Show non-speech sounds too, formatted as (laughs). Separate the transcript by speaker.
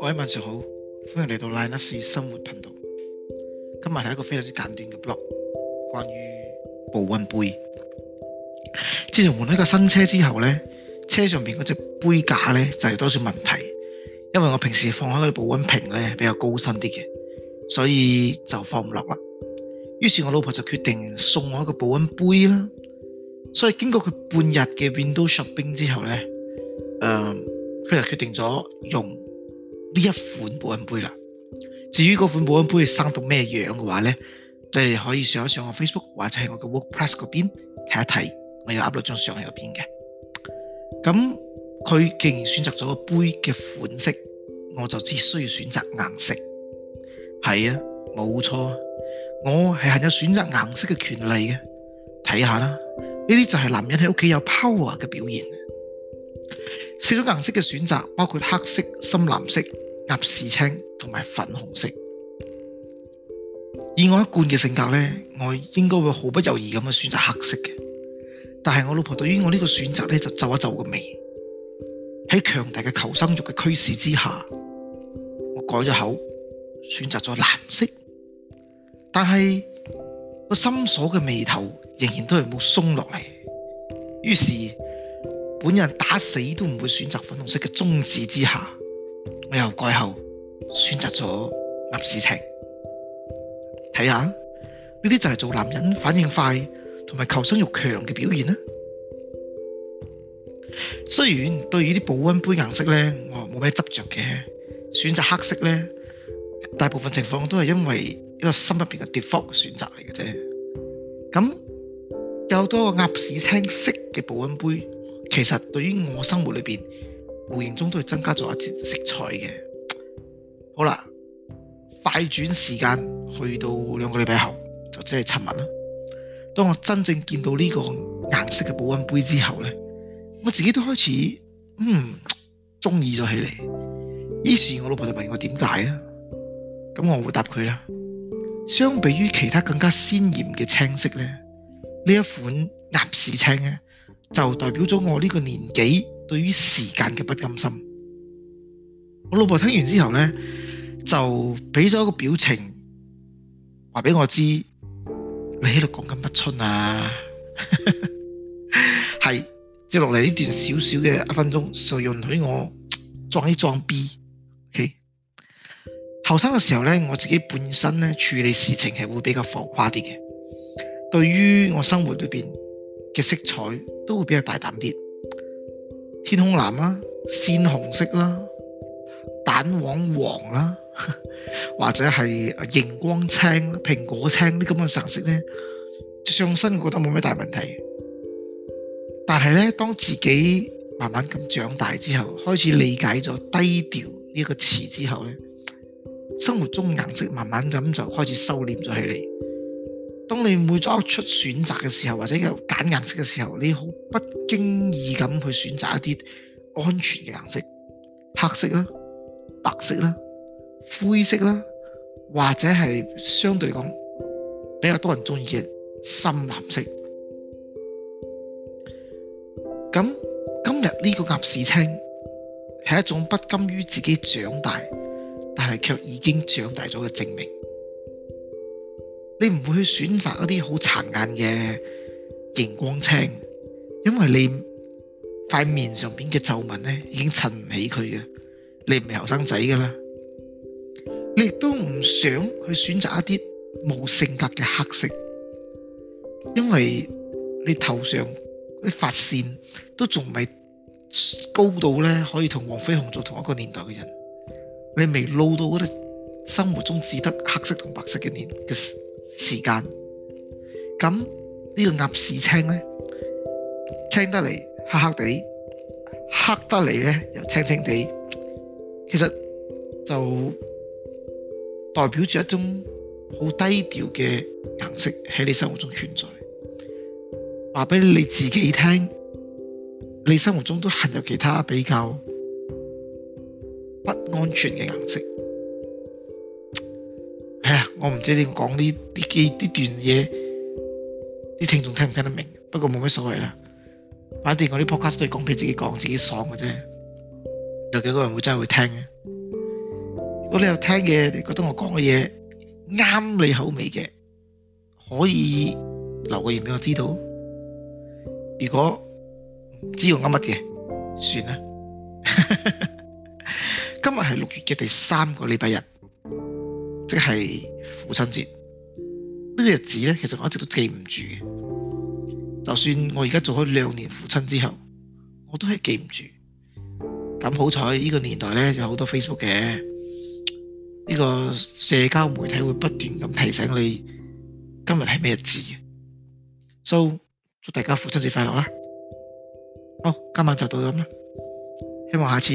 Speaker 1: 各位晚上好，歡迎嚟到 Linus 生活頻道。今日係一個非常之簡短嘅 blog，關於保溫杯。自從換咗一個新車之後呢，車上面嗰隻杯架呢就係、是、多少問題，因為我平時放開嗰啲保溫瓶咧比較高身啲嘅，所以就放唔落啦。於是我老婆就決定送我一個保溫杯啦。所以經過佢半日嘅 window shopping 之後咧，誒、呃、佢就決定咗用呢一款保溫杯啦。至於嗰款保溫杯生到咩樣嘅話咧，你可以上一上我 Facebook 或者係我嘅 WordPress 嗰邊睇一睇，我有 upload 張相喺入邊嘅。咁佢既然選擇咗個杯嘅款式，我就只需要選擇顏色。係啊，冇錯，我係係有選擇顏色嘅權利嘅。睇下啦。呢啲就係男人喺屋企有 power 嘅表現。四種顏色嘅選擇包括黑色、深藍色、鴨屎青同埋粉紅色。以我一貫嘅性格呢我應該會毫不猶豫咁去選擇黑色嘅。但係我老婆對於我呢個選擇呢，就皺一皺個眉。喺強大嘅求生欲嘅驅使之下，我改咗口，選擇咗藍色。但係。個心鎖嘅眉頭仍然都係冇鬆落嚟，於是本人打死都唔會選擇粉紅色嘅宗旨之下，我又改後選擇咗男事情，睇下呢啲就係做男人反應快同埋求生欲強嘅表現啦。雖然對於啲保溫杯顏色呢，我冇咩執着嘅，選擇黑色呢，大部分情況都係因為。一個心入邊嘅跌幅選擇嚟嘅啫，咁有多個鴨屎青色嘅保温杯,其實對於我生活裏邊無形中都係增加咗一啲色彩嘅。好啦，快轉時間去到兩個禮拜後，就即係尋日啦。當我真正見到呢個顏色嘅保温杯之後呢，我自己都開始嗯中意咗起嚟。於是我老婆就問我點解呢？咁我會答佢啦。相比於其他更加鮮艷嘅青色呢，呢一款鴨屎青呢，就代表咗我呢個年紀對於時間嘅不甘心。我老婆聽完之後呢，就俾咗一個表情，話俾我知，你喺度講緊乜春啊？係 (laughs) 接落嚟，呢段少少嘅一分鐘，就容許我裝一裝逼。後生嘅時候咧，我自己本身咧處理事情係會比較浮誇啲嘅。對於我生活裏邊嘅色彩都會比較大膽啲，天空藍啦、啊、鮮紅色啦、啊、蛋黃黃啦、啊，或者係熒光青、啊、蘋果青啲咁嘅顏色咧，上身覺得冇咩大問題。但係咧，當自己慢慢咁長大之後，開始理解咗低調呢個詞之後咧。生活中顏色慢慢咁就開始收斂咗起嚟。當你每作出選擇嘅時候，或者有揀顏色嘅時候，你好不經意咁去選擇一啲安全嘅顏色，黑色啦、白色啦、灰色啦，或者係相對嚟講比較多人中意嘅深藍色。咁今日呢個鴨屎青係一種不甘於自己長大。係，卻已經長大咗嘅證明。你唔會去選擇一啲好殘眼嘅熒光青，因為你塊面上邊嘅皺紋咧已經襯唔起佢嘅，你唔係後生仔噶啦。你亦都唔想去選擇一啲冇性格嘅黑色，因為你頭上啲髮線都仲未高到咧，可以同黃飛鴻做同一個年代嘅人。你未撈到嗰啲生活中只得黑色同白色嘅年嘅時間，咁、這個、呢個鴨屎青咧，青得嚟黑黑地，黑得嚟咧又青青地，其實就代表住一種好低調嘅顏色喺你生活中存在，話俾你自己聽，你生活中都含有其他比較。不安全嘅顏色，唉！我唔知你講呢啲機段嘢，啲聽眾聽唔聽得明？不過冇咩所謂啦，反正我啲 podcast 都係講俾自己講，自己爽嘅、啊、啫。有幾個人會真係會聽、啊？如果你有聽嘅，你覺得我講嘅嘢啱你口味嘅，可以留個言俾我知道。如果唔知用啱乜嘅，算啦。 (laughs) 今日係六月嘅第三個禮拜日，即係父親節。呢個日子咧，其實我一直都記唔住嘅。就算我而家做咗兩年父親之後，我都係記唔住。咁好彩呢個年代咧，有好多 Facebook 嘅呢個社交媒體會不斷咁提醒你今日係咩日子。So 祝大家父親節快樂啦！好，今晚就到咁啦。希望下次。